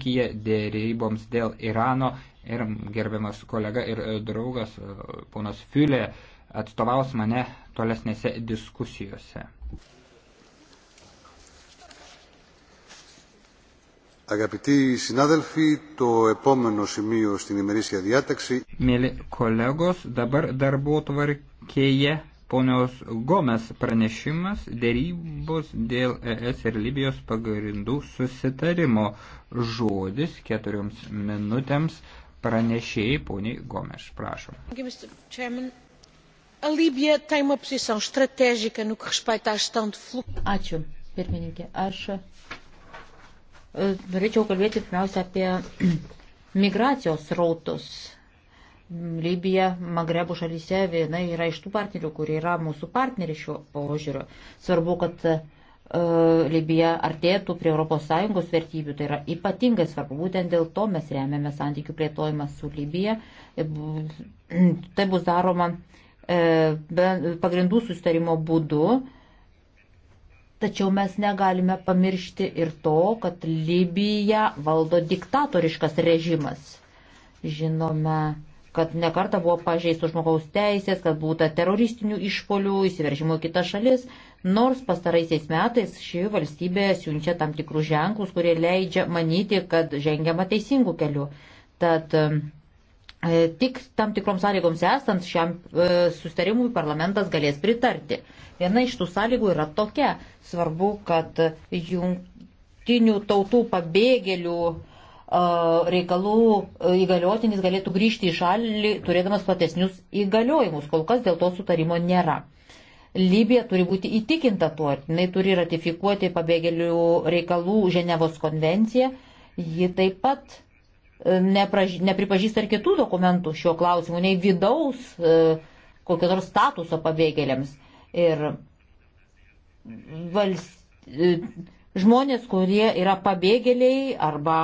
Turkija dėryboms dėl Irano ir gerbiamas kolega ir e, draugas e, ponas Fiulė atstovaus mane tolesnėse diskusijose. Αγαπητοί συνάδελφοι, το επόμενο σημείο στην ημερήσια διάταξη. Μίλη κολέγος, dabar darbo tvarkėje ponios Gomes pranešimas dėrybos dėl ES ir Libijos pagrindų susitarimo žodis keturioms minutėms pranešėjai poniai Gomes. Prašom. Ačiū, pirmininkė. Aš eh, norėčiau kalbėti pirmiausia apie migracijos rautus Libija, Magrebų šalyse viena yra iš tų partnerių, kurie yra mūsų partneriai šiuo požiūriu. Svarbu, kad uh, Libija artėtų prie ES vertybių, tai yra ypatingai svarbu, būtent dėl to mes remiame santykių plėtojimą su Libija. E, tai bus daroma uh, pagrindų sustarimo būdu, tačiau mes negalime pamiršti ir to, kad Libiją valdo diktatoriškas režimas. Žinome, kad nekarta buvo pažeistų žmogaus teisės, kad būta teroristinių išpolių, įsiveržimo į kitas šalis, nors pastaraisiais metais ši valstybė siunčia tam tikrus ženklus, kurie leidžia manyti, kad žengiama teisingų kelių. Tad e, tik tam tikroms sąlygoms esant šiam e, sustarimui parlamentas galės pritarti. Viena iš tų sąlygų yra tokia. Svarbu, kad jungtinių tautų pabėgėlių reikalų įgaliotinis galėtų grįžti į šalį, turėdamas platesnius įgaliojimus. Kol kas dėl to sutarimo nėra. Libija turi būti įtikinta tuo, jinai turi ratifikuoti pabėgėlių reikalų Ženevos konvenciją, ji taip pat e, nepraž... nepripažįsta ir kitų dokumentų šiuo klausimu, nei vidaus e, kokio nors statuso pabėgėliams. Ir valst... E, žmonės, kurie yra pabėgėliai arba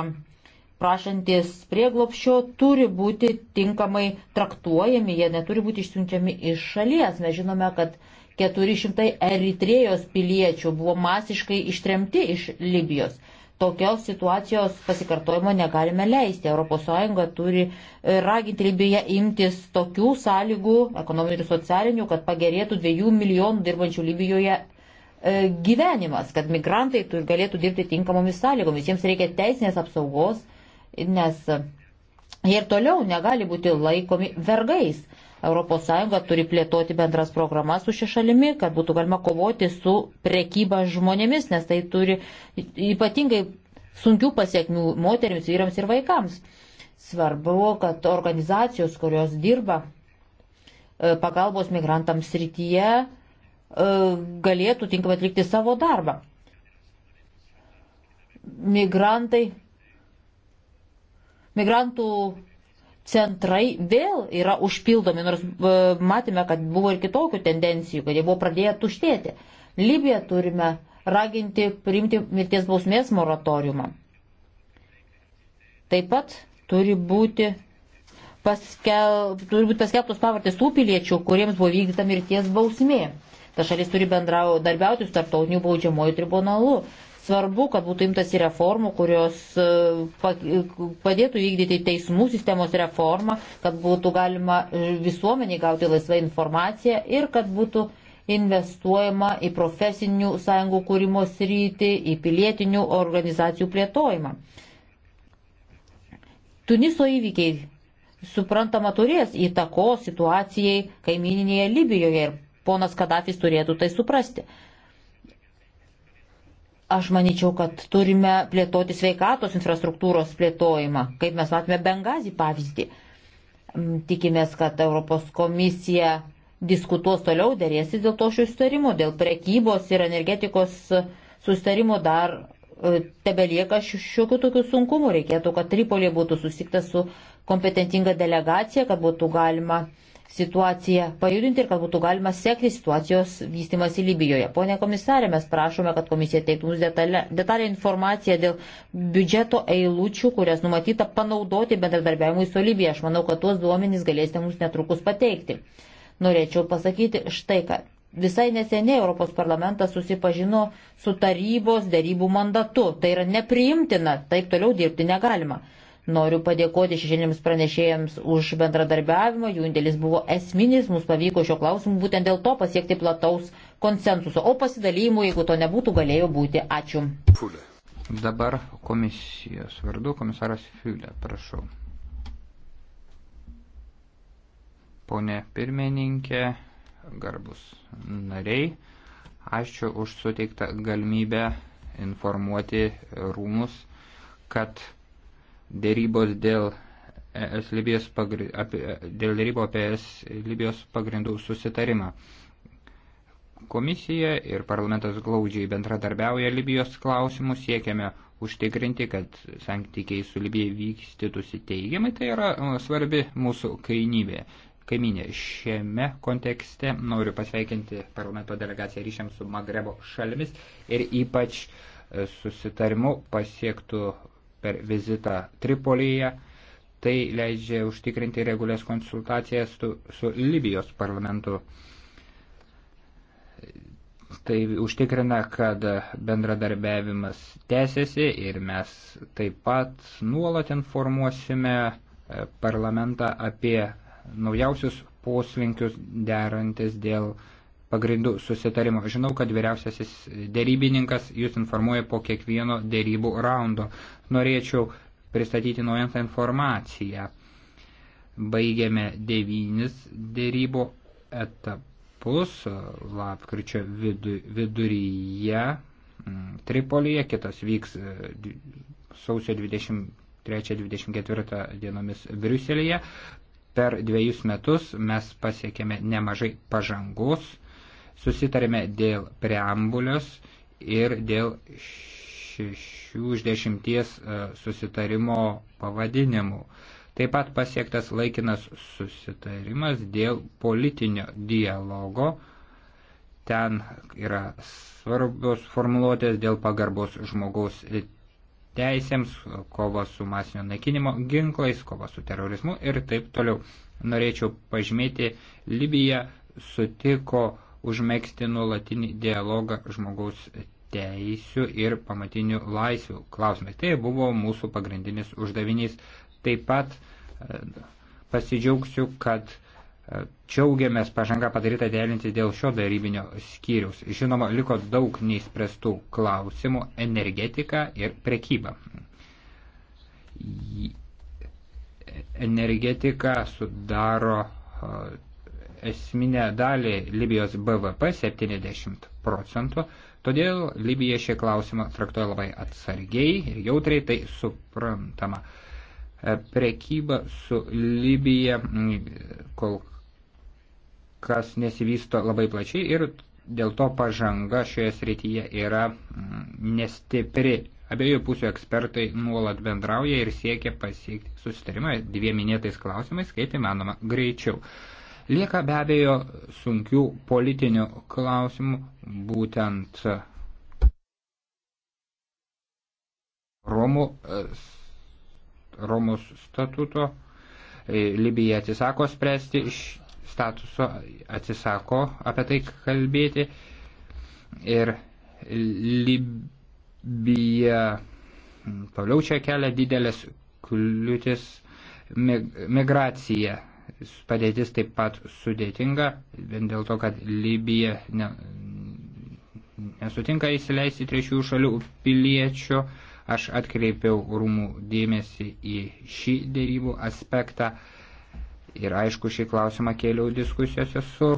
prašantis prieglopščio turi būti tinkamai traktuojami, jie neturi būti išsiunčiami iš šalies. Mes žinome, kad 400 Eritrėjos piliečių buvo masiškai ištremti iš Libijos. Tokios situacijos pasikartojimo negalime leisti. ES turi e, raginti Libiją imtis tokių sąlygų, ekonominių ir socialinių, kad pagerėtų 2 milijonų dirbančių Libijoje e, gyvenimas, kad migrantai galėtų dirbti tinkamomis sąlygomis. Jiems reikia teisinės apsaugos nes jie ir toliau negali būti laikomi vergais. ES turi plėtoti bendras programas su šia šalimi, kad būtų galima kovoti su prekyba žmonėmis, nes tai turi ypatingai sunkių pasiekmių moteriams, vyrams ir vaikams. Svarbu, kad organizacijos, kurios dirba e, pagalbos migrantams srityje, e, galėtų tinkamai atlikti savo darbą. Migrantai migrantų centrai vėl yra užpildomi, nors e, matėme, kad buvo ir kitokių tendencijų, kad jie buvo pradėję tuštėti. Libiją turime raginti priimti mirties bausmės moratoriumą. Taip pat turi būti, paskel, turi būti paskelbtos pavardės tų piliečių, kuriems buvo vykdyta mirties bausmė. Ta šalis turi bendraudarbiauti su tarptautiniu baudžiamoju tribunalu. Svarbu, kad būtų imtasi reformų, kurios e, padėtų vykdyti teismų sistemos reformą, kad būtų galima e, visuomeniai gauti laisvą informaciją ir kad būtų investuojama į profesinių sąjungų kūrimo sritį, į pilietinių organizacijų plėtojimą. Tuniso įvykiai, suprantama, turės įtako situacijai kaimininėje Libijoje ir ponas Kadafis turėtų tai suprasti. Aš manyčiau, kad turime plėtoti sveikatos infrastruktūros plėtojimą, kaip mes matome Bengazį pavyzdį. Mm, tikimės, kad Europos komisija diskutuos toliau, dėrėsis dėl to šių sustarimų, dėl prekybos ir energetikos sustarimų dar e, tebelieka šiokių tokių sunkumų. Reikėtų, kad Tripolė būtų susikta su kompetentinga delegacija, kad būtų galima uh, situaciją pajudinti ir kad būtų galima sekti situacijos vystimas į Libijoje. Pone komisarė, mes prašome, kad komisija teiktų mums detalę, detalę informaciją dėl biudžeto eilučių, kurias numatyta panaudoti bendradarbiavimui su Libija. Aš manau, kad tuos duomenys galėsite mums netrukus pateikti. Norėčiau pasakyti štai ką. Visai neseniai Europos parlamentas susipažino su tarybos darybų mandatu. Tai yra nepriimtina, taip toliau dirbti negalima. Noriu padėkoti šešėlėms pranešėjams už bendradarbiavimą, jų indėlis buvo esminis, mums pavyko šio klausimu būtent dėl to pasiekti plataus konsensuso, o pasidalymų, jeigu to nebūtų, galėjo būti. Ačiū. Fulė. Dabar komisijos vardu komisaras Fiulė, prašau. Pone pirmininkė, garbus nariai, ačiū už suteiktą galimybę informuoti rūmus, kad dėrybos dėl ES Libijos pagri, apie, dėl dėrybo apie ES Libijos pagrindų susitarimą. Komisija ir parlamentas glaudžiai bendradarbiauja Libijos klausimų, siekiame užtikrinti, kad santykiai su Libija vykstytųsi teigiamai, tai yra e, svarbi mūsų kainybė. Kaiminė, šiame kontekste noriu pasveikinti parlamento delegaciją ryšiams su Magrebo šalimis ir ypač e, susitarimu pasiektų per vizitą Tripolyje. Tai leidžia užtikrinti regulės konsultacijas su, su Libijos parlamentu. Tai užtikrina, kad bendradarbiavimas tęsiasi ir mes taip pat nuolat informuosime e, parlamentą apie naujausius poslinkius derantis dėl uh, pagrindų susitarimo. Žinau, kad vyriausiasis dėrybininkas jūs informuoja po kiekvieno dėrybų raundo. Norėčiau pristatyti naujantą informaciją. Baigėme devynis dėrybų etapus lapkričio viduryje mm, Tripolyje, kitas vyks e, sausio 23-24 dienomis Briuselėje. Per dviejus metus mes pasiekėme nemažai pažangos. Susitarėme dėl preambulios ir dėl šešių iš dešimties e, susitarimo pavadinimų. Taip pat pasiektas laikinas susitarimas dėl politinio dialogo. Ten yra svarbios formuluotės dėl pagarbos žmogaus teisėms, kova su masinio naikinimo ginklais, kova su terorizmu ir taip toliau. Norėčiau pažymėti, Libija sutiko užmėgsti nuolatinį dialogą žmogaus teisių ir pamatinių laisvių klausimais. Tai buvo mūsų pagrindinis uždavinys. Taip pat e, pasidžiaugsiu, kad Čiaugiamės e, pažanga padaryta derinti dėl šio darybinio skyrius. Žinoma, liko daug neįspręstų klausimų - energetika ir prekyba. Energetika sudaro e, esminę dalį Libijos BVP 70 procentų, todėl Libija šį klausimą traktuoja labai atsargiai ir jautriai, tai suprantama. E, prekyba su Libija mm, kol kas nesivysto labai plačiai ir dėl to pažanga šioje srityje yra mm, nestipri. Abiejų pusių ekspertai nuolat bendrauja ir siekia pasiekti susitarimą dviem minėtais klausimais, kaip įmanoma, greičiau. Lieka be abejo sunkių politinių klausimų, būtent e, Romų, e, Romos statuto. E, Libija atsisako spręsti iš statuso, atsisako apie tai kalbėti. Ir Libija toliau čia kelia didelės kliūtis migracija padėtis taip pat sudėtinga, vien dėl to, kad Libija ne, nesutinka įsileisti trečiųjų šalių piliečių. Aš atkreipiau rūmų dėmesį į šį dėrybų aspektą ir aišku šį klausimą kėliau diskusijose su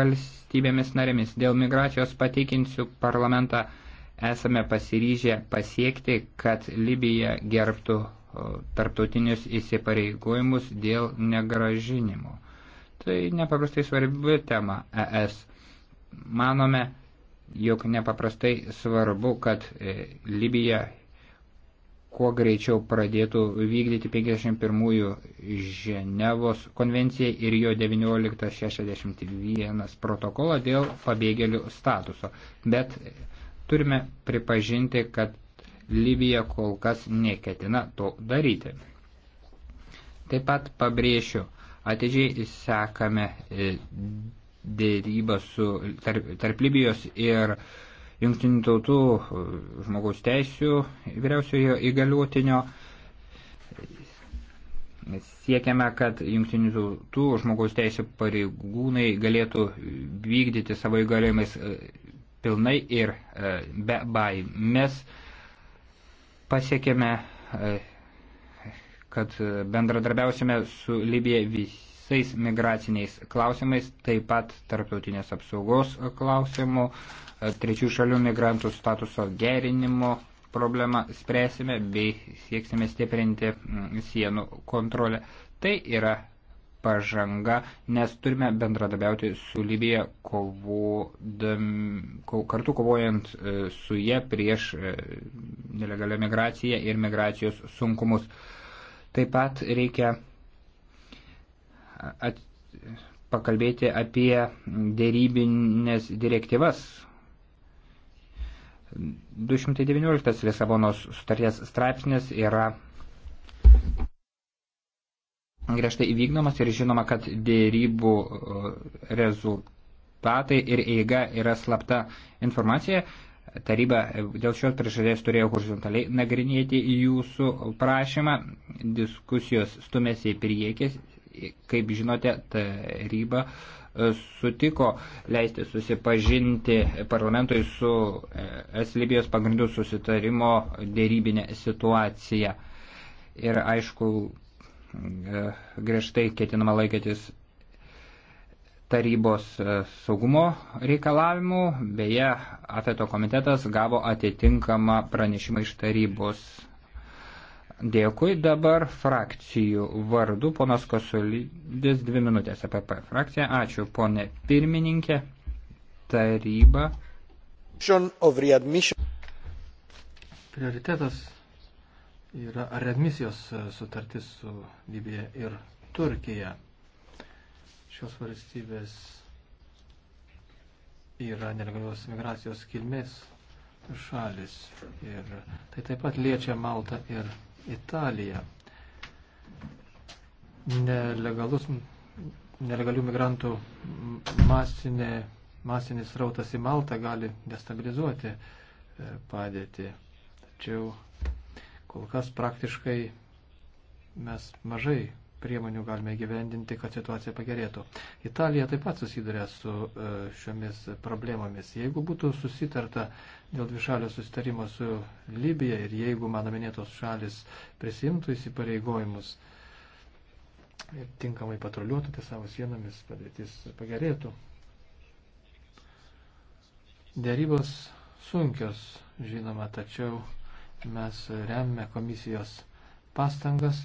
valstybėmis narėmis. Dėl migracijos pateikinsiu parlamentą esame pasiryžę pasiekti, kad Libija gerbtų tarptautinius įsipareigojimus dėl negražinimo. Tai nepaprastai svarbi tema ES. Manome, jog nepaprastai svarbu, kad e, Libija kuo greičiau pradėtų vykdyti 51 Ženevos konvenciją ir jo 1961 protokolą dėl pabėgėlių statuso. Bet turime pripažinti, kad Libija kol kas neketina to daryti. Taip pat pabrėšiu, atidžiai sekame e, dėrybą su, tarp, tarp Libijos ir Junktinių tautų e, žmogaus teisų vyriausiojo įgaliotinio. Siekiame, kad Junktinių tautų žmogaus teisų pareigūnai galėtų vykdyti savo įgaliojimais e, pilnai ir be baimės. Mes pasiekėme, e, kad bendradarbiausime su Libija visais migraciniais klausimais, taip pat tarptautinės apsaugos klausimų, e, trečių šalių migrantų statuso gerinimo problemą spręsime bei sieksime stiprinti sienų kontrolę. Tai yra pažanga, nes turime bendradabiauti su Libija kovodam, ko, kartu kovojant e, su jie prieš e, nelegalią migraciją ir migracijos sunkumus. Taip pat reikia at, pakalbėti apie dėrybinės direktyvas. 219 Lisabonos sutarties straipsnis yra griežtai įvykdomas ir žinoma, kad dėrybų e, rezultatai ir eiga yra slapta informacija. Taryba e, dėl šios priežadės turėjo horizontaliai nagrinėti jūsų prašymą. Diskusijos stumėsi į priekį. Kaip žinote, taryba e, sutiko leisti susipažinti parlamentui su Es Libijos pagrindų susitarimo dėrybinė situacija. Ir aišku, E, griežtai ketinama laikytis tarybos e, saugumo reikalavimų. Beje, Afeto komitetas gavo atitinkamą pranešimą iš tarybos. Dėkui dabar frakcijų vardu, ponas Kosulidis, dvi minutės APP frakcija. Ačiū, ponė pirmininkė, taryba. Prioritetas yra readmisijos e, sutartis su Libija ir Turkija. Šios valstybės yra nelegalios migracijos kilmės šalis. Ir tai taip pat liečia Maltą ir Italiją. Nelegalus, nelegalių migrantų masinė, masinis rautas į Maltą gali destabilizuoti e, padėtį. Tačiau Kol kas praktiškai mes mažai priemonių galime gyvendinti, kad situacija pagerėtų. Italija taip pat susiduria su e, šiomis problemomis. Jeigu būtų susitarta dėl dvišalio susitarimo su Libija ir jeigu mano minėtos šalis prisimtų įsipareigojimus ir tinkamai patruliuotų ties savo sienomis, padėtis pagerėtų. Dėrybos sunkios, žinoma, tačiau Mes remiame komisijos pastangas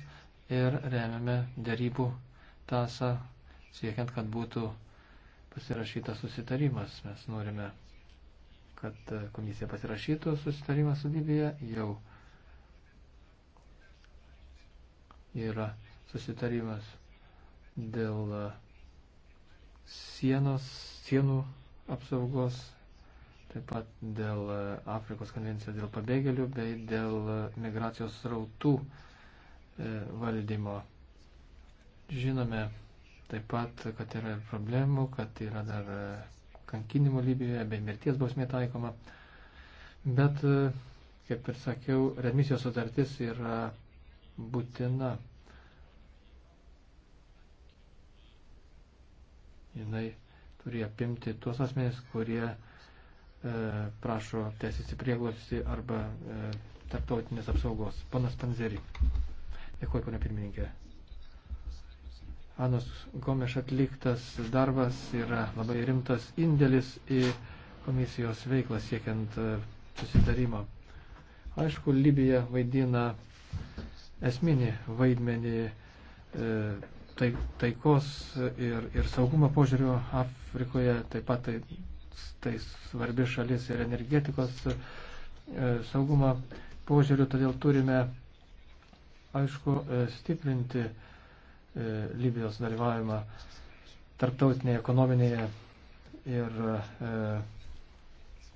ir remiame dėrybų tasą, siekiant, kad būtų pasirašytas susitarimas. Mes norime, kad komisija pasirašytų susitarimą su Libija. Jau yra susitarimas dėl sienos, sienų apsaugos taip pat dėl e, Afrikos konvencijos dėl pabėgėlių bei dėl e, migracijos rautų e, valdymo. Žinome taip pat, kad yra ir problemų, kad yra dar kankinimo Libijoje bei mirties bausmė taikoma. Bet, kaip ir sakiau, remisijos sutartis yra būtina. Jinai turi apimti tuos asmenys, kurie E, prašo teisės į prieglobstį arba e, tarptautinės apsaugos. Panas Panzeri. Dėkuoju, ponė pirmininkė. Anos Gomeš atliktas darbas yra labai rimtas indėlis į komisijos veiklą siekiant e, susitarimo. Aišku, Libija vaidina esminį vaidmenį tai, taikos ir, ir saugumo požiūrio Afrikoje, taip pat tai tai svarbi šalis ir energetikos e, saugumo požiūrių, todėl turime, aišku, e, stiprinti e, Libijos dalyvavimą tarptautinėje ekonominėje ir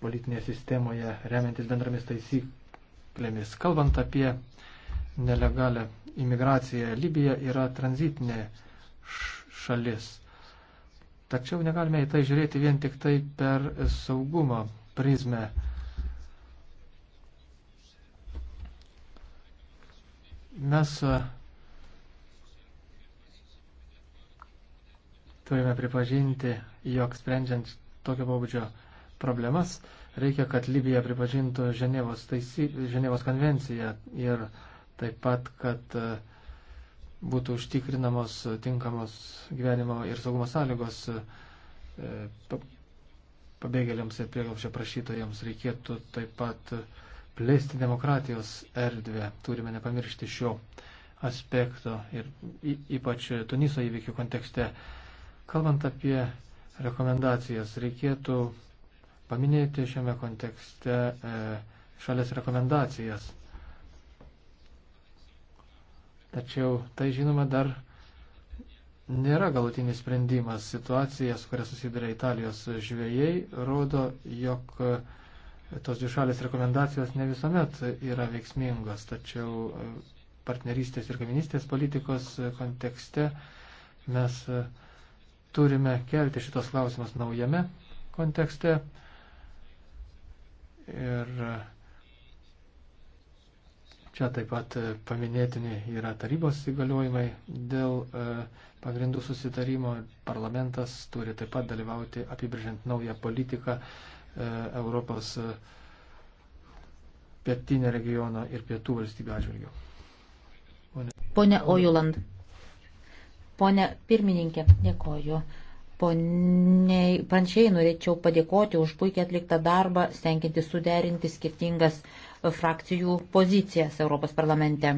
politinėje sistemoje remiantis bendromis taisyklėmis. Kalbant apie nelegalią imigraciją, Libija yra tranzitinė šalis. Tačiau negalime į tai žiūrėti vien tik tai per saugumo prizmę. Mes e, turime pripažinti, jog sprendžiant tokio pobūdžio problemas, reikia, kad Libija pripažintų Ženevos, taisy, Ženevos konvenciją ir taip pat, kad uh, būtų užtikrinamos tinkamos gyvenimo ir saugumo sąlygos e, pabėgėliams ir prieglapšio prašytojams. Reikėtų taip pat plėsti demokratijos erdvę. Turime nepamiršti šio aspekto ir ypač Tuniso įvykių kontekste. Kalbant apie rekomendacijas, reikėtų paminėti šiame kontekste e, šalies rekomendacijas Tačiau tai, žinoma, dar nėra galutinis sprendimas. Situacija, su kuria susiduria Italijos žvėjai, rodo, jog tos dvišalės rekomendacijos ne visuomet yra veiksmingos, tačiau partnerystės ir kaiminystės politikos kontekste mes turime kelti šitos klausimus naujame kontekste. Ir Čia taip pat e, paminėtini yra tarybos įgaliojimai dėl e, pagrindų susitarimo. Parlamentas turi taip pat dalyvauti apibrėžiant naują politiką e, Europos pietinio regiono ir pietų valstybių atžvilgių. Pone, Pone Ojuland. Pone pirmininkė, dėkoju. Poniai, pančiai norėčiau padėkoti už puikiai atliktą darbą, stenkinti suderinti skirtingas uh, frakcijų pozicijas Europos parlamente.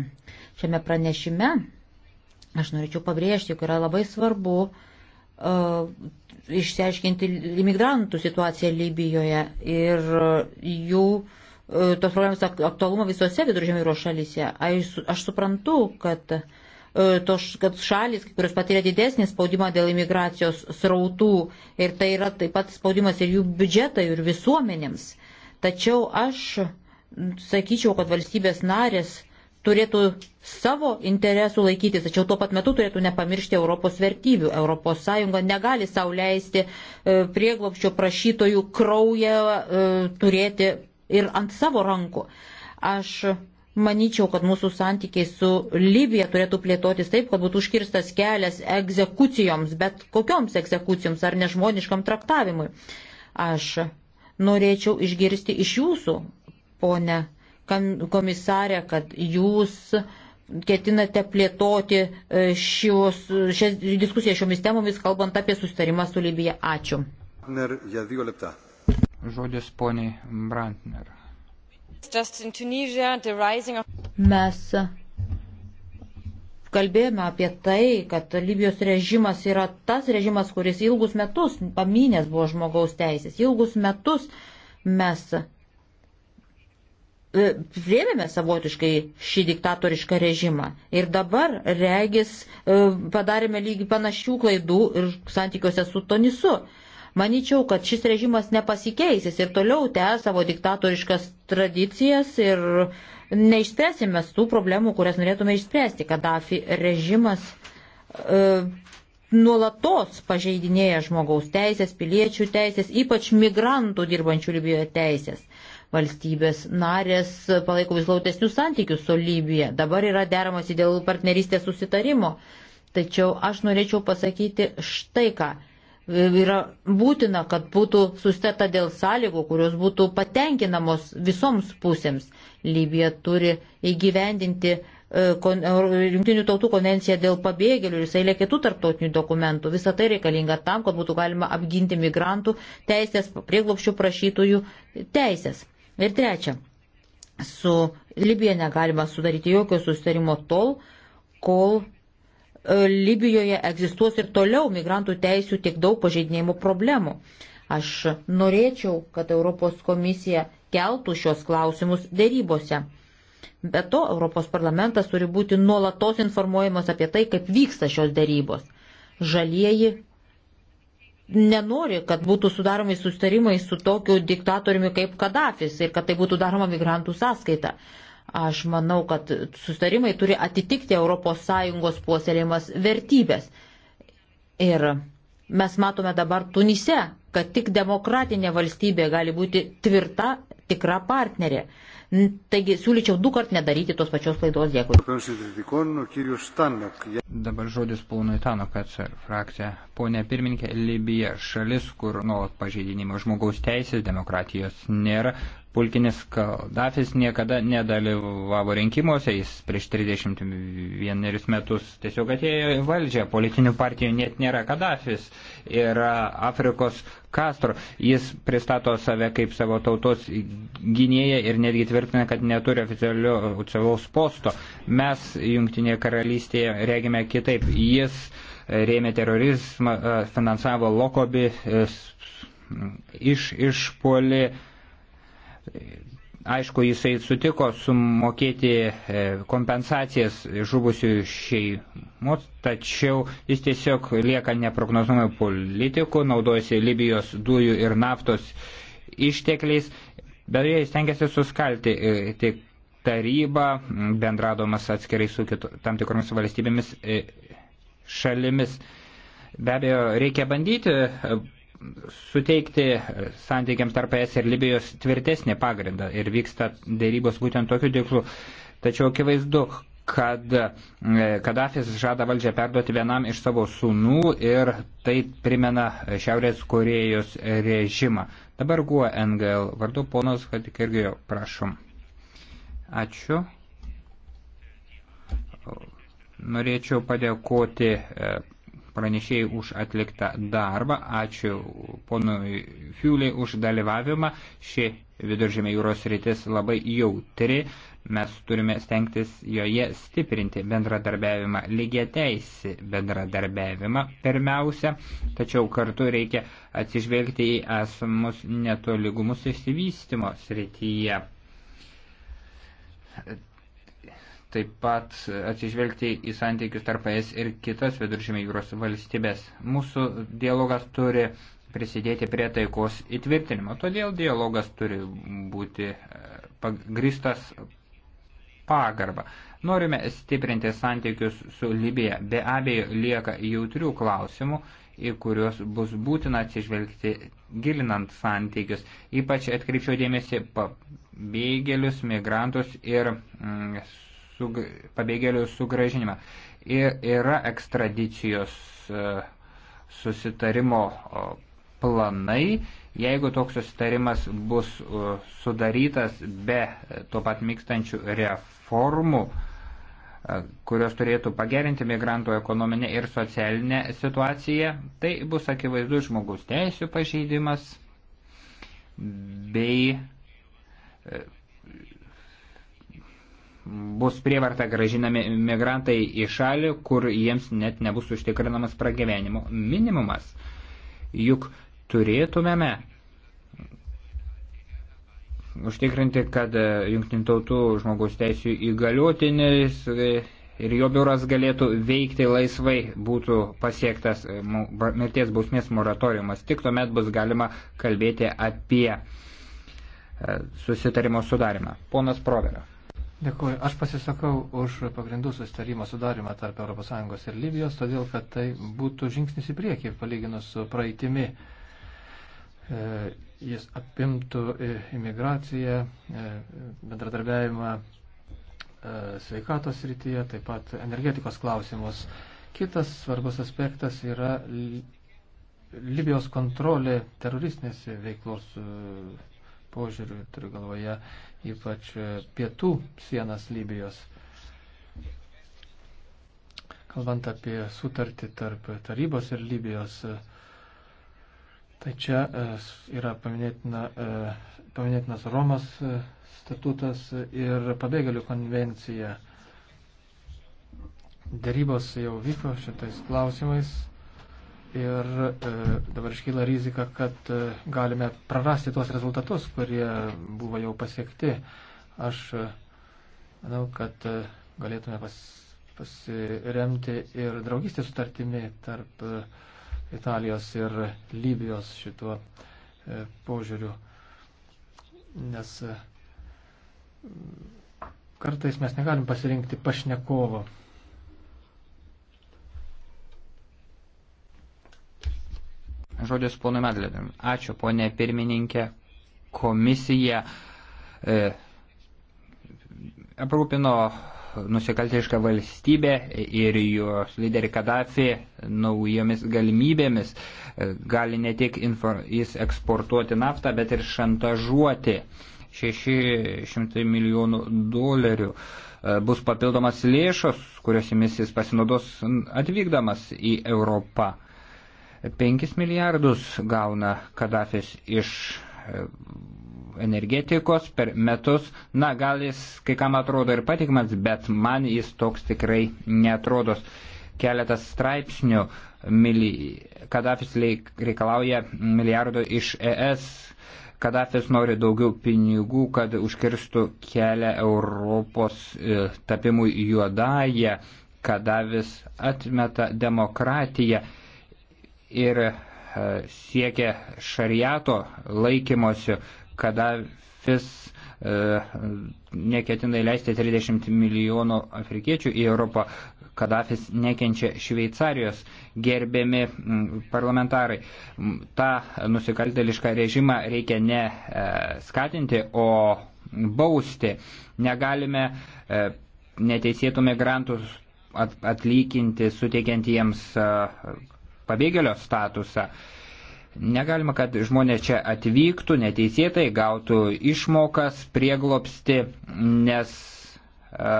Šiame pranešime aš norėčiau pabrėžti, jog yra labai svarbu uh, išsiaiškinti imigrantų situaciją Libijoje ir jų uh, tos problemos aktualumą visose viduržėmio jūros šalyse. Aš, aš suprantu, kad uh, tos, kad šalis, kurios patiria didesnį spaudimą dėl imigracijos srautų ir tai yra taip pat spaudimas ir jų biudžetai, ir visuomenėms. Tačiau aš sakyčiau, kad valstybės narės turėtų savo interesų laikytis, tačiau tuo pat metu turėtų nepamiršti Europos vertybių. ES negali sauliaisti e, prieglopščio prašytojų kraują e, turėti ir ant savo rankų. Aš manyčiau, kad mūsų santykiai su Libija turėtų plėtotis taip, kad būtų užkirstas kelias egzekucijoms, bet kokioms egzekucijoms ar nežmoniškam traktavimui. Aš norėčiau išgirsti iš jūsų ponę komisarę, kad jūs ketinate plėtoti e, šios, šias, diskusiją šiomis temomis, kalbant apie sustarimą su Libija. Ačiū. Žodis poniai Brantner. Mes kalbėjome apie tai, kad Libijos režimas yra tas režimas, kuris ilgus metus paminės buvo žmogaus teisės. Ilgus metus mes E, rėmėme savotiškai šį diktatorišką režimą. Ir dabar, regis, e, padarėme lygiai panašių klaidų ir santykiuose su Tonisu. Maničiau, kad šis režimas nepasikeisės ir toliau tęs savo diktatoriškas tradicijas ir neišspręsime tų problemų, kurias norėtume išspręsti. Kadafi režimas e, nuolatos pažeidinėja žmogaus teisės, piliečių teisės, ypač migrantų dirbančių Libijoje teisės. Valstybės narės palaiko vis glautesnius santykius su Libija. Dabar yra deramasi dėl partnerystės susitarimo. Tačiau aš norėčiau pasakyti štai ką. Yra būtina, kad būtų susteta dėl sąlygų, kurios būtų patenkinamos visoms pusėms. Libija turi įgyvendinti e, Junktinių tautų konvencija dėl pabėgėlių ir visai kitų tarptautinių dokumentų. Visą tai reikalinga tam, kad būtų galima apginti migrantų teisės, prieglopščių prašytojų teisės. Ir trečia, su Libija negalima sudaryti jokio sustarimo tol, kol e, Libijoje egzistuos ir toliau migrantų teisų tiek daug pažeidinėjimų problemų. Aš norėčiau, kad Europos komisija keltų šios klausimus dėrybose. Be to, Europos parlamentas turi būti nuolatos informuojamas apie tai, kaip vyksta šios dėrybos. Žalieji nenori, kad būtų sudaromi sustarimai su tokiu diktatoriumi kaip Kadafis ir kad tai būtų daroma migrantų sąskaita. Aš manau, kad sustarimai turi atitikti ES puoselėjimas vertybės. Ir mes matome dabar Tunise, kad tik demokratinė valstybė gali būti tvirta, tikra partnerė. Taigi siūlyčiau du kart nedaryti tos pačios klaidos. Dėkui. Dabar žodis ponui Tanokas ir frakcija. Pone pirmininkė, Libija šalis, kur nuolat pažeidinimo žmogaus teisės, demokratijos nėra. Pulkinis Kaldafis niekada nedalyvavo rinkimuose, jis prieš 31 metus tiesiog atėjo į valdžią, politinių partijų net nėra Kadafis, yra Afrikos Castro. Jis pristato save kaip savo tautos gynėją ir netgi tvirtina, kad neturi oficialiaus posto. Mes Junktinėje karalystėje regime kitaip. Jis rėmė terorizmą, finansavo lokobį, iš, išpolį Aišku, jisai sutiko sumokėti e, kompensacijas žuvusių šeimos, tačiau jis tiesiog lieka neprognozuojamų politikų, naudojasi Libijos dujų ir naftos ištekliais, bet jie stengiasi suskalti e, tik tarybą, bendradomas atskirai su kitu, tam tikromis valstybėmis e, šalimis. Be abejo, reikia bandyti suteikti santykiams tarp ES ir Libijos tvirtesnį pagrindą ir vyksta dėrybos būtent tokiu tikslu. Tačiau akivaizdu, kad e, Kadafis žada valdžią perduoti vienam iš savo sūnų ir tai primena Šiaurės Korejos režimą. Dabar guo NGL vardu ponas Hadikirgijo, prašom. Ačiū. Norėčiau padėkoti e, pranešėjai už atliktą darbą, ačiū ponui Fiuliai už dalyvavimą. Ši viduržėmė jūros rytis labai jautri, mes turime stengtis joje stiprinti bendradarbiavimą, lygiai teisį bendradarbiavimą pirmiausia, tačiau kartu reikia atsižvelgti į esamus netoligumus išsivystimo srityje taip pat atsižvelgti į santykius tarp ES ir kitas viduržėmė jūros valstybės. Mūsų dialogas turi prisidėti prie taikos įtvirtinimo, todėl dialogas turi būti e, pagristas pagarbą. Norime stiprinti santykius su Libija. Be abejo, lieka jautrių klausimų, į kuriuos bus būtina atsižvelgti gilinant santykius. Ypač atkreipčiau dėmesį pabėgėlius, migrantus ir mm, sug, pabėgėlių sugražinimą. Ir yra ekstradicijos e, susitarimo planai, jeigu toks susitarimas bus e, sudarytas be e, tuo pat mykstančių reformų, kurios turėtų pagerinti migrantų ekonominę ir socialinę situaciją, tai bus akivaizdu žmogus teisų pažeidimas bei bus prievarta gražinami migrantai į šalį, kur jiems net nebus užtikrinamas pragyvenimo minimumas. Juk turėtumėme užtikrinti, kad e, jungtinių tautų žmogaus teisų įgaliotinis e, ir jo biuras galėtų veikti laisvai, būtų pasiektas e, mirties bausmės moratoriumas. Tik tuomet bus galima kalbėti apie susitarimo sudarimą. Ponas Provera. Dėkuoju. Aš pasisakau už pagrindų sustarimo sudarimą tarp ES ir Libijos, todėl kad tai būtų žingsnis į priekį palyginus su praeitimi. E, jis apimtų e, imigraciją, e, bendradarbiavimą e, sveikatos rytyje, taip pat energetikos klausimus. Kitas svarbus aspektas yra Libijos kontrolė teroristinės veiklos e, požiūrių, turiu galvoje ypač e, pietų sienas Libijos. Kalbant apie sutartį tarp tarybos ir Libijos, e, tai čia e, yra paminėtina, paminėtinas Romos statutas ir pabėgėlių konvencija. Darybos jau vyko šitais klausimais Ir e, dabar iškyla rizika, kad e, galime prarasti tuos rezultatus, kurie buvo jau pasiekti. Aš e, manau, kad e, galėtume pas, pasiremti ir draugystės sutartimi tarp e, Italijos ir Libijos šituo e, požiūriu. Nes e, kartais mes negalim pasirinkti pašnekovo. žodis ponui Medlinui. Ačiū, ponė pirmininkė. Komisija e, aprūpino nusikaltišką valstybę ir jos lyderį Kadafi naujomis galimybėmis. E, gali ne tik infor, jis eksportuoti naftą, bet ir šantažuoti 600 milijonų dolerių. E, bus papildomas lėšos, kurios jis pasinaudos atvykdamas į Europą. 5 milijardus gauna Kadafis iš e, energetikos per metus. Na, gal jis kai kam atrodo ir patikimas, bet man jis toks tikrai netrodos. Keletas straipsnių mili... Kadafis reikalauja milijardo iš ES. Kadafis nori daugiau pinigų, kad užkirstų kelią Europos e, tapimui juodąją. Kadafis atmeta demokratiją ir e, siekia šariato laikymosi, Kadafis e, neketina įleisti 30 milijonų afrikiečių į Europą. Kadafis nekenčia Šveicarijos. Gerbiami parlamentarai, tą nusikaltelišką režimą reikia ne e, skatinti, o bausti. Negalime neteisėtų migrantų atlyginti, suteikiant jiems pabėgėlio statusą. Negalima, kad žmonės čia atvyktų neteisėtai, gautų išmokas, prieglopsti, nes e,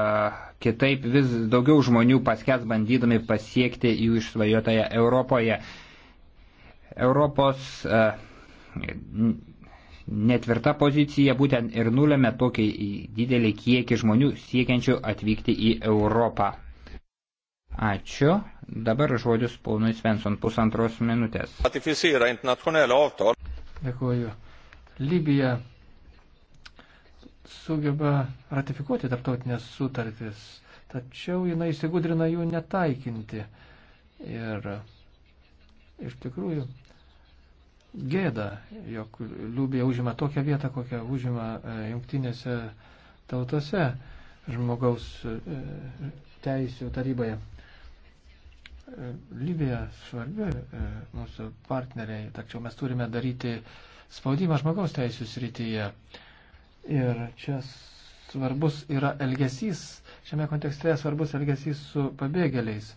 kitaip vis daugiau žmonių paskes bandydami pasiekti jų išsvajotoje Europoje. Europos e, netvirta pozicija būtent ir nulėmė tokį didelį kiekį žmonių siekiančių atvykti į Europą. Ačiū. Dabar žodis ponui Svensson pusantros minutės. Dėkuoju. Libija sugeba ratifikuoti tarptautinės sutartis, tačiau jinai įsigudrina jų netaikinti. Ir iš tikrųjų gėda, jog Libija užima tokią vietą, kokią užima e, jungtinėse tautose žmogaus e, teisų taryboje. Libija svarbi e, mūsų partneriai, tačiau mes turime daryti spaudimą žmogaus teisų srityje. Ir čia svarbus yra elgesys, šiame kontekste svarbus elgesys su pabėgėliais.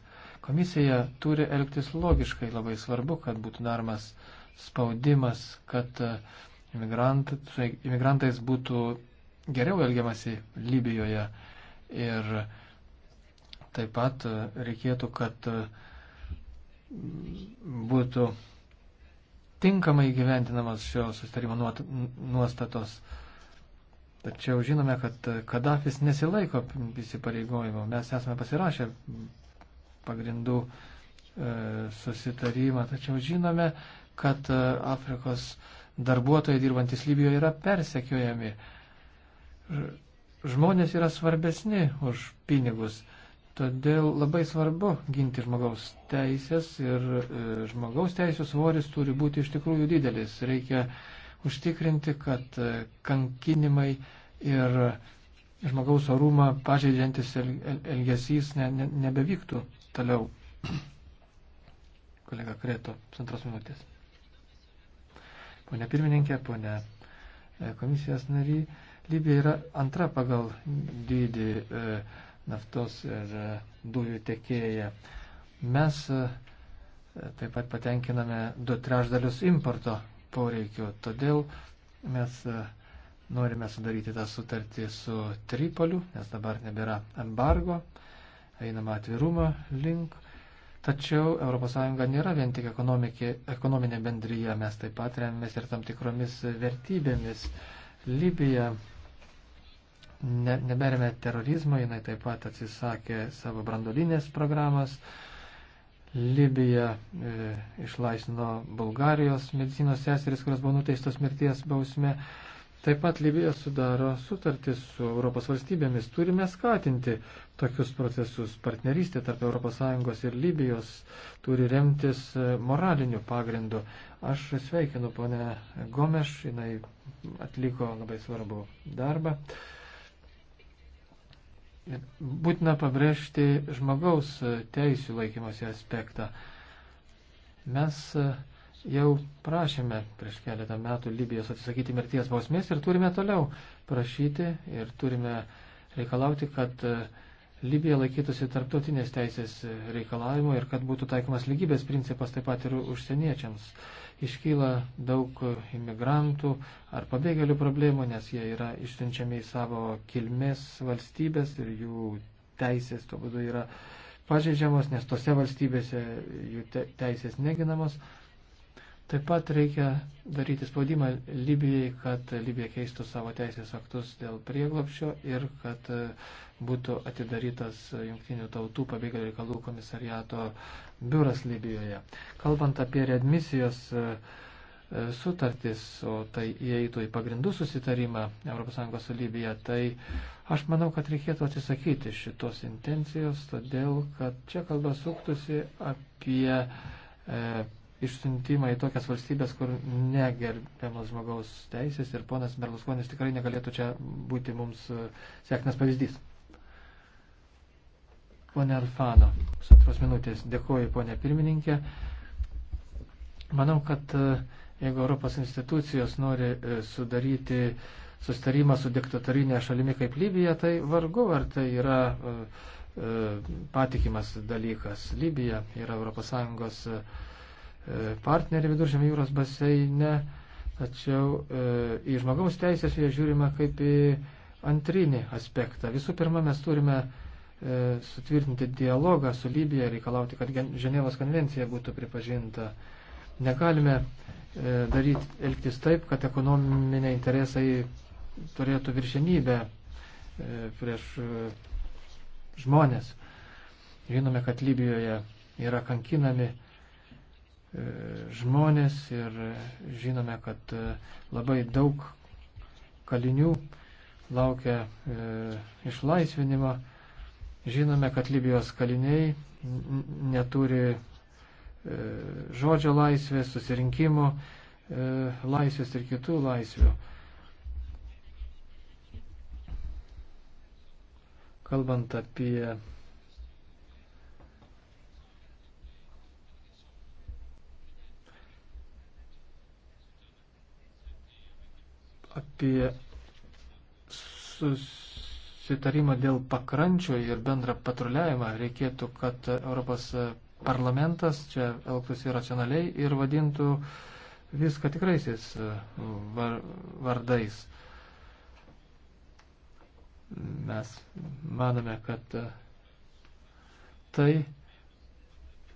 Komisija turi elgtis logiškai, labai svarbu, kad būtų daromas spaudimas, kad e, imigrant, su imigrantais būtų geriau elgiamasi Libijoje. Ir uh, Taip pat e, reikėtų, kad e, būtų tinkamai gyventinamas šio sustarimo nuostatos. Tačiau žinome, kad e, Kadafis nesilaiko įsipareigojimo. Mes esame pasirašę pagrindų e, susitarimą, tačiau žinome, kad Afrikos darbuotojai dirbantis Libijoje yra persekiojami. Žmonės yra svarbesni už pinigus. E, Todėl labai svarbu ginti žmogaus teisės ir e, žmogaus teisės svoris turi būti iš tikrųjų didelis. Reikia užtikrinti, kad e, kankinimai ir žmogaus orumą pažeidžiantis elgesys ne, ne, nebevyktų toliau. Kolega Kreto, pusantros minutės. Pone pirmininkė, pone e, komisijos nary, Libija yra antra pagal dydį. E, naftos ir e, dujų tiekėja. Mes e, taip pat patenkiname du trešdalius importo poreikių, todėl mes e, norime sudaryti tą sutartį su Tripoliu, nes dabar nebėra embargo, einama atvirumo link. Tačiau ES nėra vien tik ekonominė bendryja, mes taip pat remiamės ir tam tikromis vertybėmis. Libija ne, neberėmė terorizmo, jinai taip pat atsisakė savo brandolinės programos. Libija e, išlaisino Bulgarijos medicinos seseris, kurios buvo nuteistos mirties bausme. Taip pat Libija sudaro sutartis su Europos valstybėmis. Turime skatinti tokius procesus. Partnerystė tarp ES ir Libijos turi remtis e, moraliniu pagrindu. Aš sveikinu ponę Gomeš, jinai atliko labai svarbų darbą. E, Būtina pabrėžti žmogaus teisų laikymosi aspektą. Mes e, jau prašėme prieš keletą metų Libijos atsisakyti mirties bausmės ir turime toliau prašyti ir turime reikalauti, kad e, Libija laikytųsi tarptautinės teisės reikalavimo ir kad būtų taikomas lygybės principas taip pat ir užsieniečiams. Iškyla daug imigrantų ar pabėgėlių problemų, nes jie yra išsiunčiami į savo kilmės valstybės ir jų teisės tuo būdu yra pažeidžiamos, nes tose valstybėse jų teisės neginamos. Taip pat reikia daryti spaudimą Libijai, kad Libija keistų savo teisės aktus dėl prieglopščio ir kad e, būtų atidarytas Junktinių tautų pabėgėlių reikalų komisariato biuras Libijoje. Kalbant apie readmisijos e, e, sutartis, o tai įeitų į pagrindų susitarimą ES su Libija, tai aš manau, kad reikėtų atsisakyti šitos intencijos, todėl kad čia kalba suktusi apie e, išsiuntimą į tokias valstybės, kur negerbiamas žmogaus teisės ir ponas Berlusconis tikrai negalėtų čia būti mums e, sėkmės pavyzdys. Pone Alfano, pusantros minutės. Dėkuoju, ponė pirmininkė. Manau, kad e, jeigu Europos institucijos nori e, sudaryti sustarimą su diktatorinė šalimi kaip Libija, tai vargu ar tai yra patikimas dalykas. Libija yra ES E, partnerį viduržėmio jūros baseine, tačiau e, į žmogaus teisės jie žiūrima kaip į antrinį aspektą. Visų pirma, mes turime e, sutvirtinti dialogą su Libija, reikalauti, kad Ženevos konvencija būtų pripažinta. Negalime daryti, elgtis taip, kad ekonominiai interesai turėtų viršenybę prieš žmonės. Žinome, kad Libijoje yra kankinami E, žmonės ir e, žinome, kad e, labai daug kalinių laukia išlaisvinimo. Žinome, kad Libijos kaliniai neturi žodžio laisvės, susirinkimo laisvės ir kitų laisvių. Kalbant apie apie susitarimą dėl pakrančio ir bendrą patruliavimą, reikėtų, kad Europos parlamentas čia elgtųsi racionaliai ir vadintų viską tikraisiais e, var, vardais. Mes manome, kad e, tai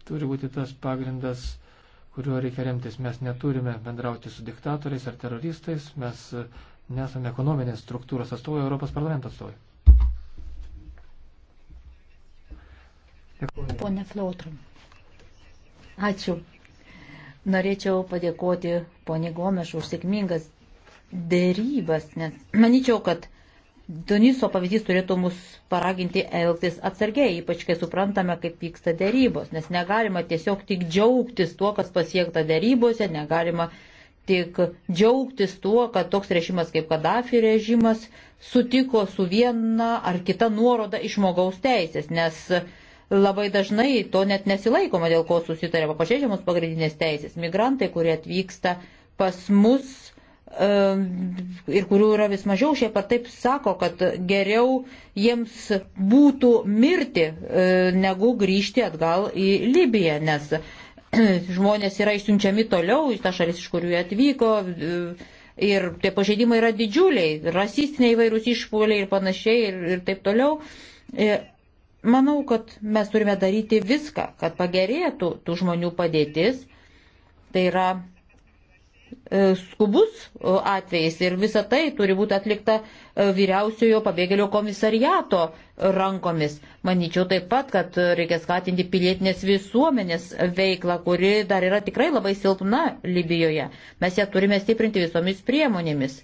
turi būti tas pagrindas kuriuo reikia remtis. Mes neturime bendrauti su diktatoriais ar teroristais, mes e, nesame ekonominės struktūros atstovai, Europos parlamento atstovai. Dėkuoju. Pone Flautram. Ačiū. Norėčiau padėkoti poniai Gomeš už sėkmingas dėrybas, nes manyčiau, kad Doniso pavyzdys turėtų mus paraginti elgtis atsargiai, ypač kai suprantame, kaip vyksta dėrybos, nes negalima tiesiog tik džiaugtis tuo, kas pasiekta dėrybose, negalima tik džiaugtis tuo, kad toks režimas kaip Kadafi režimas sutiko su viena ar kita nuoroda iš žmogaus teisės, nes labai dažnai to net nesilaikoma, dėl ko susitarė pažeidžiamos pagrindinės teisės. Migrantai, kurie atvyksta pas mus, ir kurių yra vis mažiau, šiaip ar taip sako, kad geriau jiems būtų mirti, e, negu grįžti atgal į Libiją, nes žmonės yra išsiunčiami toliau į tą šalis, iš kurių jie atvyko. E, ir tie pažeidimai yra didžiuliai, rasistiniai įvairūs išpoliai ir panašiai ir, ir taip toliau. Ir e, manau, kad mes turime daryti viską, kad pagerėtų tų žmonių padėtis. Tai yra E, skubus e, atvejais ir visa tai turi būti atlikta e, vyriausiojo pabėgėlio komisariato rankomis. Manyčiau taip pat, kad reikia skatinti pilietinės visuomenės veiklą, kuri dar yra tikrai labai silpna Libijoje. Mes ją turime stiprinti visomis priemonėmis.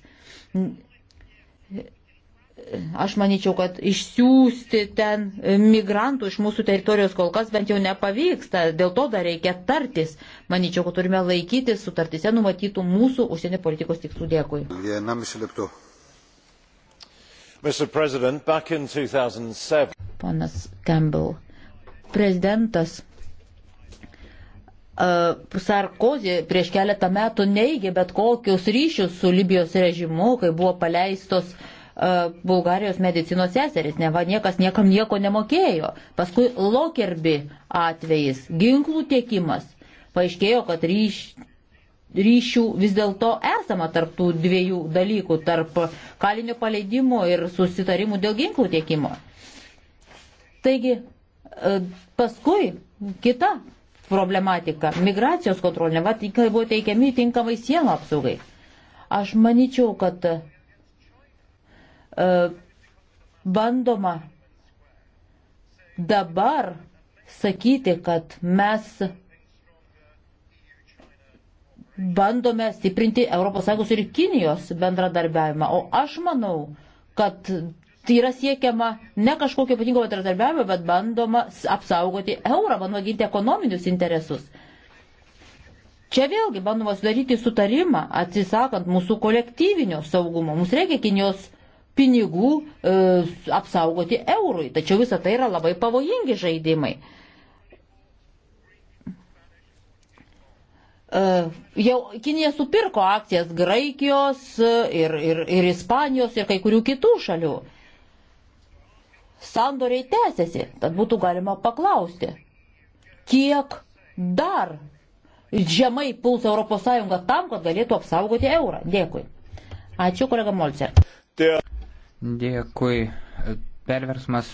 Aš manyčiau, kad išsiųsti ten migrantų iš mūsų teritorijos kol kas bent jau nepavyksta, dėl to dar reikia tartis. Manyčiau, kad turime laikyti sutartise numatytų mūsų užsienio politikos tikslų. Dėkui. Ponas Campbell, prezidentas Sarkozy prieš keletą metų neigė bet kokius ryšius su Libijos režimu, kai buvo paleistos uh, E, Bulgarijos medicinos seseris, ne va niekas niekam nieko nemokėjo. Paskui Lokerbi atvejis, ginklų tiekimas. Paaiškėjo, kad ryš, ryšių vis dėlto esama tarp tų dviejų dalykų, tarp kalinio paleidimo ir susitarimų dėl ginklų tiekimo. Taigi, e, paskui kita problematika - migracijos kontrolė, va, buvo teikiami tinkamai sienų apsaugai. Aš manyčiau, kad E, bandoma dabar sakyti, kad mes bandome stiprinti ES ir Kinijos bendradarbiavimą. O aš manau, kad tai yra siekiama ne kažkokio ypatingo bendradarbiavimo, bet bandoma apsaugoti eurą, bandoma ginti ekonominius interesus. Čia vėlgi bandoma sudaryti sutarimą, atsisakant mūsų kolektyvinio saugumo. Mums reikia Kinijos pinigų e, apsaugoti eurui. Tačiau visą tai yra labai pavojingi žaidimai. E, jau Kinija supirko akcijas Graikijos e, ir, ir, ir Ispanijos ir kai kurių kitų šalių. Sandoriai tęsiasi, tad būtų galima paklausti, kiek dar žemai puls ES tam, kad galėtų apsaugoti eurą. Dėkui. Ačiū, kolega Molcer. Dėkui. Perversmas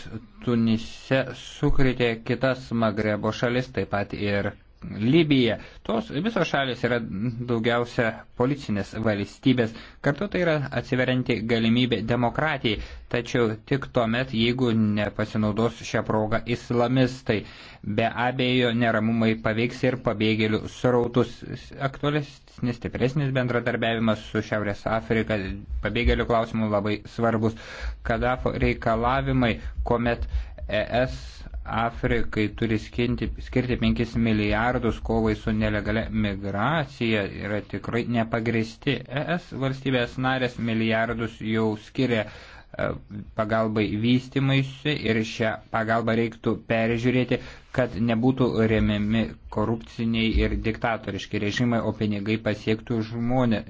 Tunise sukrėtė kitas Magrebo šalis, taip pat ir Libija. Tos visos šalis yra daugiausia policinės valstybės. Kartu tai yra atsiverianti galimybė demokratijai. Tačiau tik tuomet, jeigu nepasinaudos šią progą islamistai, be abejo neramumai paveiks ir pabėgėlių srautus. Aktualesnis, stipresnis bendradarbiavimas su Šiaurės Afrika pabėgėlių klausimų labai svarbus. Kadafo reikalavimai, kuomet ES Afrikai turi skinti, skirti 5 milijardus kovai su nelegalia migracija yra tikrai nepagristi. ES valstybės narės milijardus jau skiria e, pagalbai vystimaisi ir šią pagalbą reiktų peržiūrėti, kad nebūtų remiami korupciniai ir diktatoriški režimai, o pinigai pasiektų žmonė,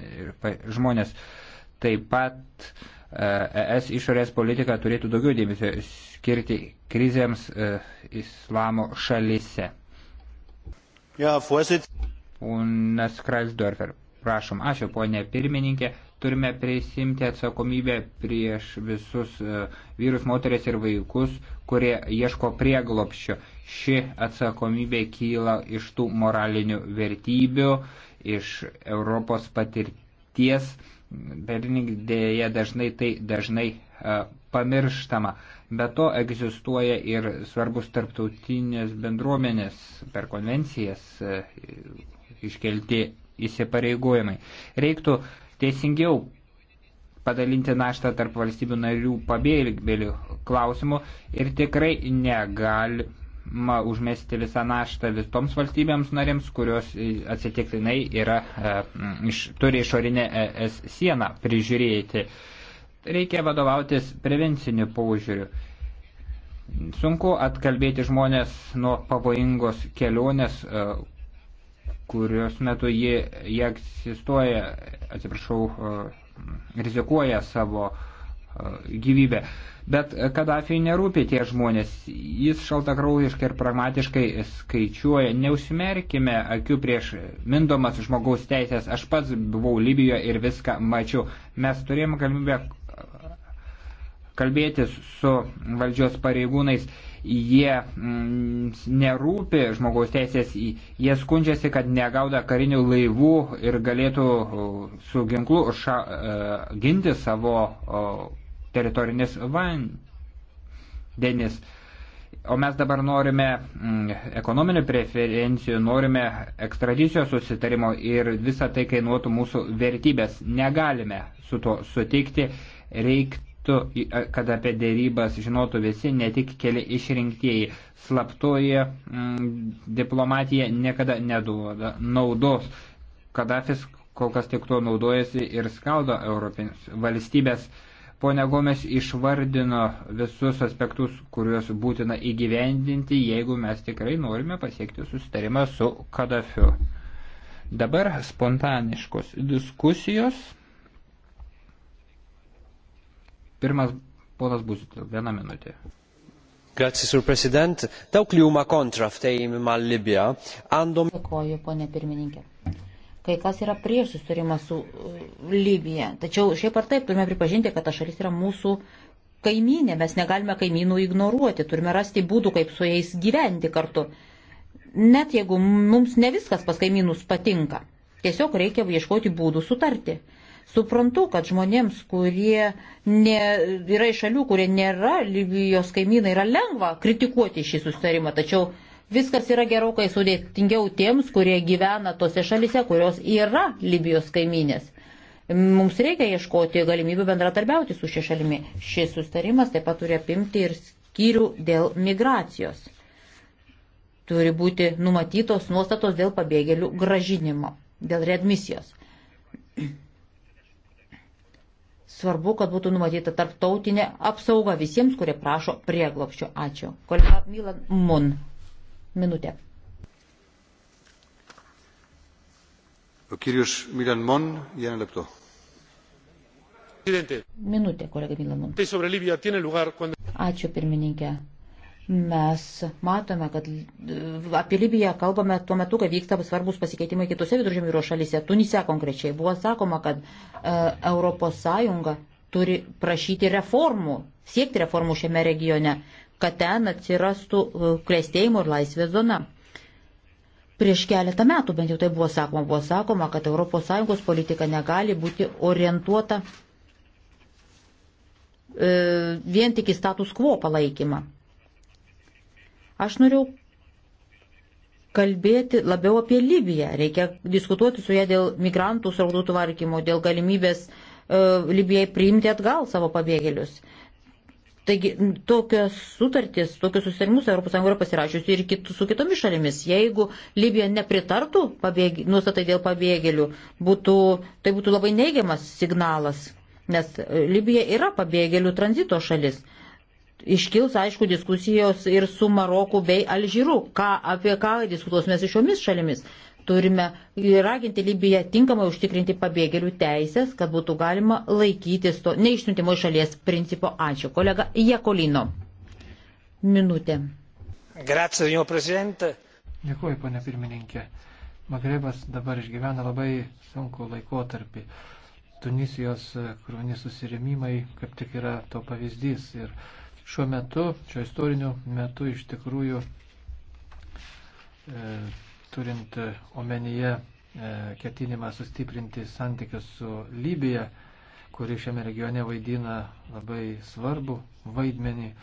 žmonės. Taip pat ES e išorės politika turėtų daugiau dėmesio skirti krizėms e, islamo šalyse. Ja, Unas Kreisdorfer, prašom, ačiū ponė pirmininkė, turime prisimti atsakomybę prieš visus e, vyrus, moteris ir vaikus, kurie ieško prieglopščio. Ši atsakomybė kyla iš tų moralinių vertybių, iš Europos patirties, bet dėja dažnai tai dažnai e, pamirštama. Uh, Be to egzistuoja ir svarbus tarptautinės bendruomenės per konvencijas e, iškelti įsipareigojimai. Reiktų teisingiau padalinti naštą tarp valstybių narių pabėgėlių klausimų ir tikrai negalima užmesti visą naštą visoms valstybėms narėms, kurios atsitiktinai yra, e, iš, turi išorinę e, ES sieną prižiūrėti. E, reikia vadovautis prevenciniu paužiūriu. Sunku atkalbėti žmonės nuo pavojingos kelionės, e, kurios metu jie, jie egzistuoja, atsiprašau, e, rizikuoja savo e, gyvybę. Bet Kadafiui nerūpė tie žmonės, jis šaltakraujiškai ir pragmatiškai skaičiuoja, neusimerkime akių prieš mindomas žmogaus teisės, aš pats buvau Libijoje ir viską mačiau. Mes turėjome galimybę kalbėtis su valdžios pareigūnais, jie mm, nerūpi žmogaus teisės, jie skundžiasi, kad negauda karinių laivų ir galėtų su ginklu ša, e, ginti savo teritorinis vandenis. O mes dabar norime mm, ekonominių preferencijų, norime ekstradicijos susitarimo ir visą tai kainuotų mūsų vertybės. Negalime su to sutikti. Reikia kad apie dėrybas žinotų visi, ne tik keli išrinktieji. Slaptoji m, mm, diplomatija niekada neduoda naudos. Kadafis kol kas tik tuo naudojasi ir skaldo Europinės valstybės. Pone Gomes išvardino visus aspektus, kuriuos būtina įgyvendinti, jeigu mes tikrai norime pasiekti sustarimą su Kadafiu. Dabar spontaniškos diskusijos. Pirmas ponas Buzitil, viena minutė. Grazie, sur president. Dawk li huma kontra ftehim mal-Libja għandhom. Dėkoju, ponė pirmininkė. Kai kas yra prieš susitarimą su uh, Libija. Tačiau šiaip ar taip turime pripažinti, kad ta šalis yra mūsų kaimynė. Mes negalime kaimynų ignoruoti. Turime rasti būdų, kaip su jais gyventi kartu. Net jeigu mums ne viskas pas kaimynus patinka. Tiesiog reikia ieškoti būdų sutarti. Suprantu, kad žmonėms, kurie ne, yra iš šalių, kurie nėra Libijos kaimynai, yra lengva kritikuoti šį sustarimą, tačiau viskas yra gerokai sudėtingiau tiems, kurie gyvena tose šalise, kurios yra Libijos kaiminės. Mums reikia ieškoti galimybių bendratarbiauti su šia šalimi. Šis sustarimas taip pat turi apimti ir skyrių dėl migracijos. Turi būti numatytos nuostatos dėl pabėgėlių gražinimo, dėl readmisijos. Svarbu, kad būtų numatyta tarptautinė apsauga visiems, kurie prašo prieglopščio. Ačiū. Kolega Milan Mun. Minutė. Kyrius Milan Mun, vieną lepto. Minutė, kolega Milan Mun. Ačiū, pirmininkė. Mes matome, kad apie Libiją kalbame tuo metu, kai vyksta svarbus pasikeitimai kitose viduržėmio šalyse, Tunise konkrečiai. Buvo sakoma, kad ES turi prašyti reformų, siekti reformų šiame regione, kad ten atsirastų e, klėstėjimo ir laisvės zona. Prieš keletą metų bent jau tai buvo sakoma, buvo sakoma, kad ES politika negali būti orientuota e, vien tik į status quo palaikymą. Aš norėjau kalbėti labiau apie Libiją. Reikia diskutuoti su ją dėl migrantų srautų tvarkymo, dėl galimybės e, Libijai priimti atgal savo pabėgėlius. Taigi tokios sutartys, tokius susitarimus ES yra pasirašiusi ir kitų, su kitomis šalimis. Jeigu Libija nepritartų pabėg... nustatai dėl pabėgėlių, būtų, tai būtų labai neigiamas signalas, nes e, Libija yra pabėgėlių tranzito šalis iškils, aišku, diskusijos ir su Maroku bei Alžyru, ką, apie ką diskutuosime su šiomis šalimis. Turime raginti Libiją tinkamai užtikrinti pabėgėlių teisės, kad būtų galima laikytis to neišsiuntimo iš šalies principo. Ačiū. Kolega Jekolino. Minutė. Grazie, signor Presidente. Dėkuoju, ponė pirmininkė. Magrebas dabar išgyvena labai sunku laikotarpį. Tunisijos krūvinis susirėmimai kaip tik yra to pavyzdys. Ir uh, šiuo metu, šiuo istoriniu metu iš tikrųjų e, turint omenyje e, ketinimą sustiprinti santykius su Libija, kuri šiame regione vaidina labai svarbu vaidmenį, e,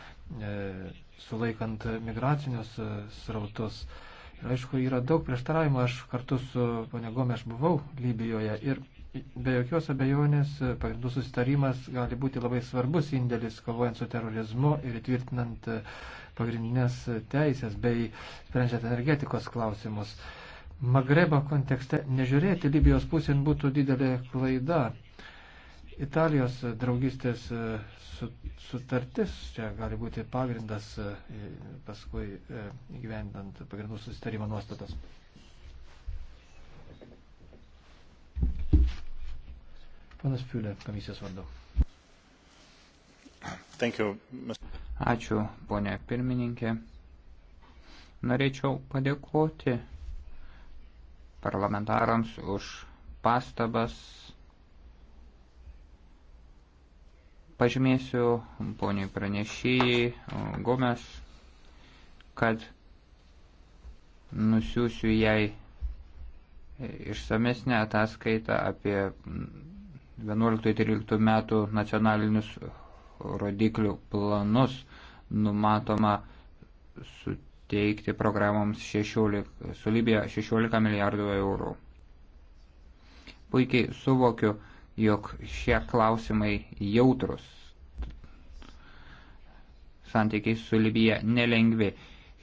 sulaikant migracinius e, srautus. Ir aišku, yra daug prieštaravimų. Aš kartu su ponegome aš buvau Libijoje ir Be jokios abejonės, e, pagrindų susitarimas gali būti labai svarbus indėlis kovojant su terorizmu ir tvirtinant e, pagrindinės teisės bei sprendžiant energetikos klausimus. Magrebo kontekste nežiūrėti Libijos pusėn būtų didelė klaida. Italijos draugystės e, sutartis čia gali būti pagrindas paskui gyvendant pagrindų susitarimo nuostatas. Panas Fiulė, komisijos vardu. Thank you, Mr. Ačiū, ponė pirmininkė. Norėčiau padėkoti parlamentarams už pastabas. Pažymėsiu poniai pranešėjai Gomes, kad nusiųsiu jai išsamesnę ataskaitą apie 11-13 metų nacionalinius rodiklių planus numatoma suteikti programoms 16, su Libija 16 milijardų eurų. Puikiai suvokiu, jog šie klausimai jautrus. Santykiai su Libija nelengvi.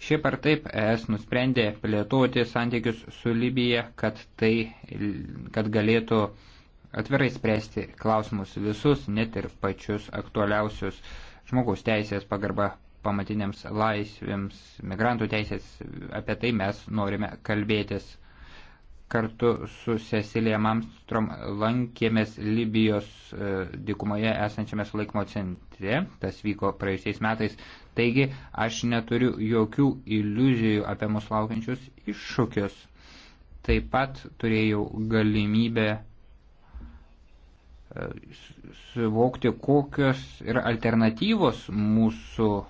Šiaip ar taip ES nusprendė plėtoti santykius su Libija, kad, tai, kad galėtų uh, atvirai spręsti klausimus visus, net ir pačius aktualiausius žmogaus teisės pagarba pamatiniams laisvėms, migrantų teisės, apie tai mes norime kalbėtis. Kartu su Cecilija Mamstrom lankėmės Libijos e, dikumoje esančiame sulaikymo centre, tas vyko praėjusiais metais, taigi aš neturiu jokių iliuzijų apie mus laukiančius iššūkius. Taip pat turėjau galimybę suvokti, kokios yra alternatyvos mūsų e,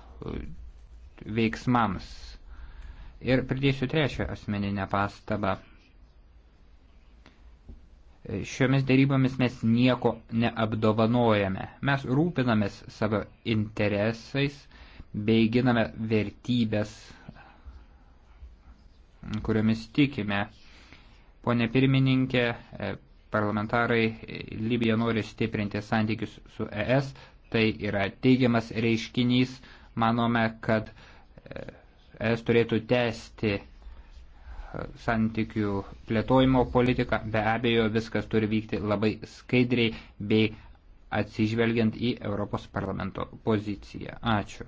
veiksmams. Ir pridėsiu trečią asmeninę pastabą. E, šiomis dėrybomis mes nieko neapdovanojame. Mes rūpinamės savo interesais bei giname vertybės, kuriomis tikime. Pone pirmininkė, e, parlamentarai Libija nori stiprinti santykius su ES, tai yra teigiamas reiškinys. Manome, kad ES e turėtų tęsti e, santykių plėtojimo politiką. Be abejo, viskas turi vykti labai skaidriai bei atsižvelgiant į Europos parlamento poziciją. Ačiū.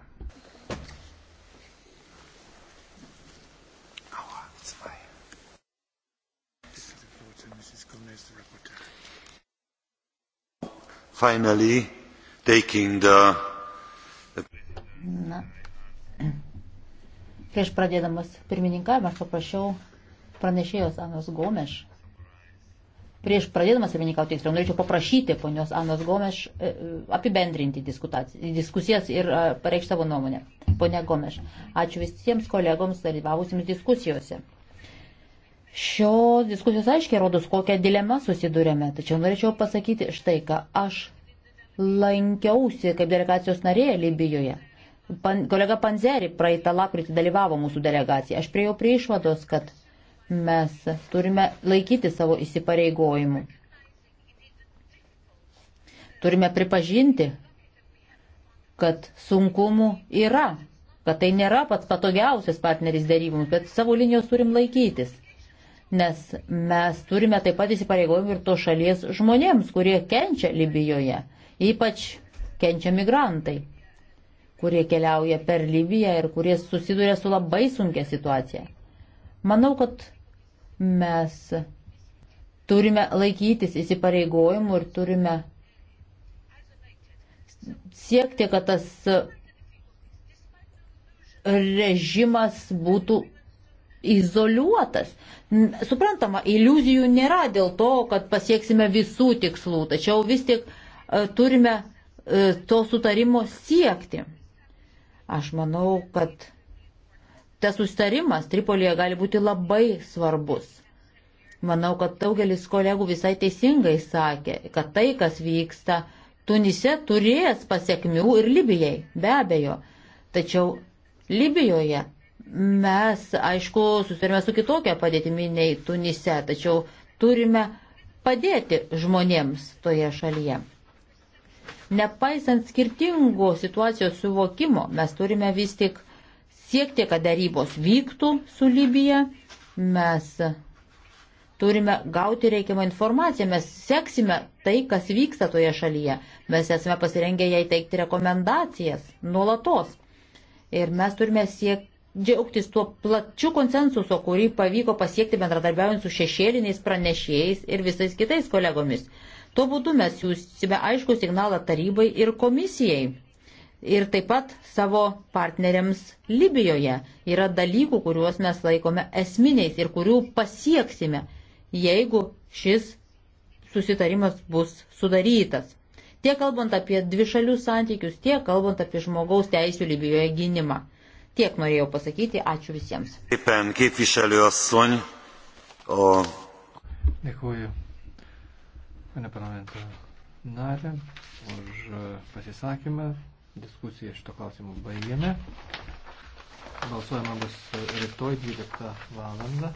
finally taking the. Na. Prieš pradėdamas pirmininkavimą aš paprašiau pranešėjos Anos Gomeš. Prieš pradėdamas pirmininkauti, tiksliau, norėčiau paprašyti ponios Anos Gomeš e, apibendrinti diskusijas ir e, pareikšti savo nuomonę. Pone Gomeš, ačiū visiems kolegoms dalyvavusiems diskusijose. Šio diskusijos aiškiai rodos, kokią dilemą susidurėme. Tačiau norėčiau pasakyti štai ką. Aš lankiausi kaip delegacijos narėje Libijoje. Pan, kolega Panzeri praeitą lapkritį dalyvavo mūsų delegacija. Aš priejau prie išvados, kad mes turime laikyti savo įsipareigojimų. Turime pripažinti, kad sunkumų yra, kad tai nėra pats patogiausias partneris daryboms, bet savo linijos turim laikytis nes mes turime taip pat įsipareigojimų ir to šalies žmonėms, kurie kenčia Libijoje, ypač kenčia migrantai, kurie keliauja per Libiją ir kurie susiduria su labai sunkia situacija. Manau, kad mes turime laikytis įsipareigojimų ir turime siekti, kad tas režimas būtų izoliuotas. Suprantama, iliuzijų nėra dėl to, kad pasieksime visų tikslų, tačiau vis tik e, turime e, to sutarimo siekti. Aš manau, kad tas sustarimas Tripolėje gali būti labai svarbus. Manau, kad daugelis kolegų visai teisingai sakė, kad tai, kas vyksta Tunise, turės pasiekmių ir Libijai, be abejo. Tačiau Libijoje Mes, aišku, susidurime su kitokia padėtimi nei Tunise, tačiau turime padėti žmonėms toje šalyje. Nepaisant skirtingo situacijos suvokimo, mes turime vis tik siekti, kad darybos vyktų su Libija. Mes turime gauti reikiamą informaciją, mes seksime tai, kas vyksta toje šalyje. Mes esame pasirengę jai teikti rekomendacijas nuolatos. Ir mes turime siekti džiaugtis tuo plačiu konsensuso, kurį pavyko pasiekti bendradarbiaujant su šešėliniais pranešėjais ir visais kitais kolegomis. Tuo būdu mes siūsime aišku signalą tarybai ir komisijai. Ir taip pat savo partneriams Libijoje yra dalykų, kuriuos mes laikome esminiais ir kurių pasieksime, jeigu šis susitarimas bus sudarytas. Tiek kalbant apie dvišalius santykius, tiek kalbant apie žmogaus teisų Libijoje gynimą. Tiek norėjau pasakyti. Ačiū visiems. Dėkuoju, pane parlamento narė, už pasisakymą. Diskusiją šito klausimu baigėme. Balsuojama bus rytoj 12 valandą.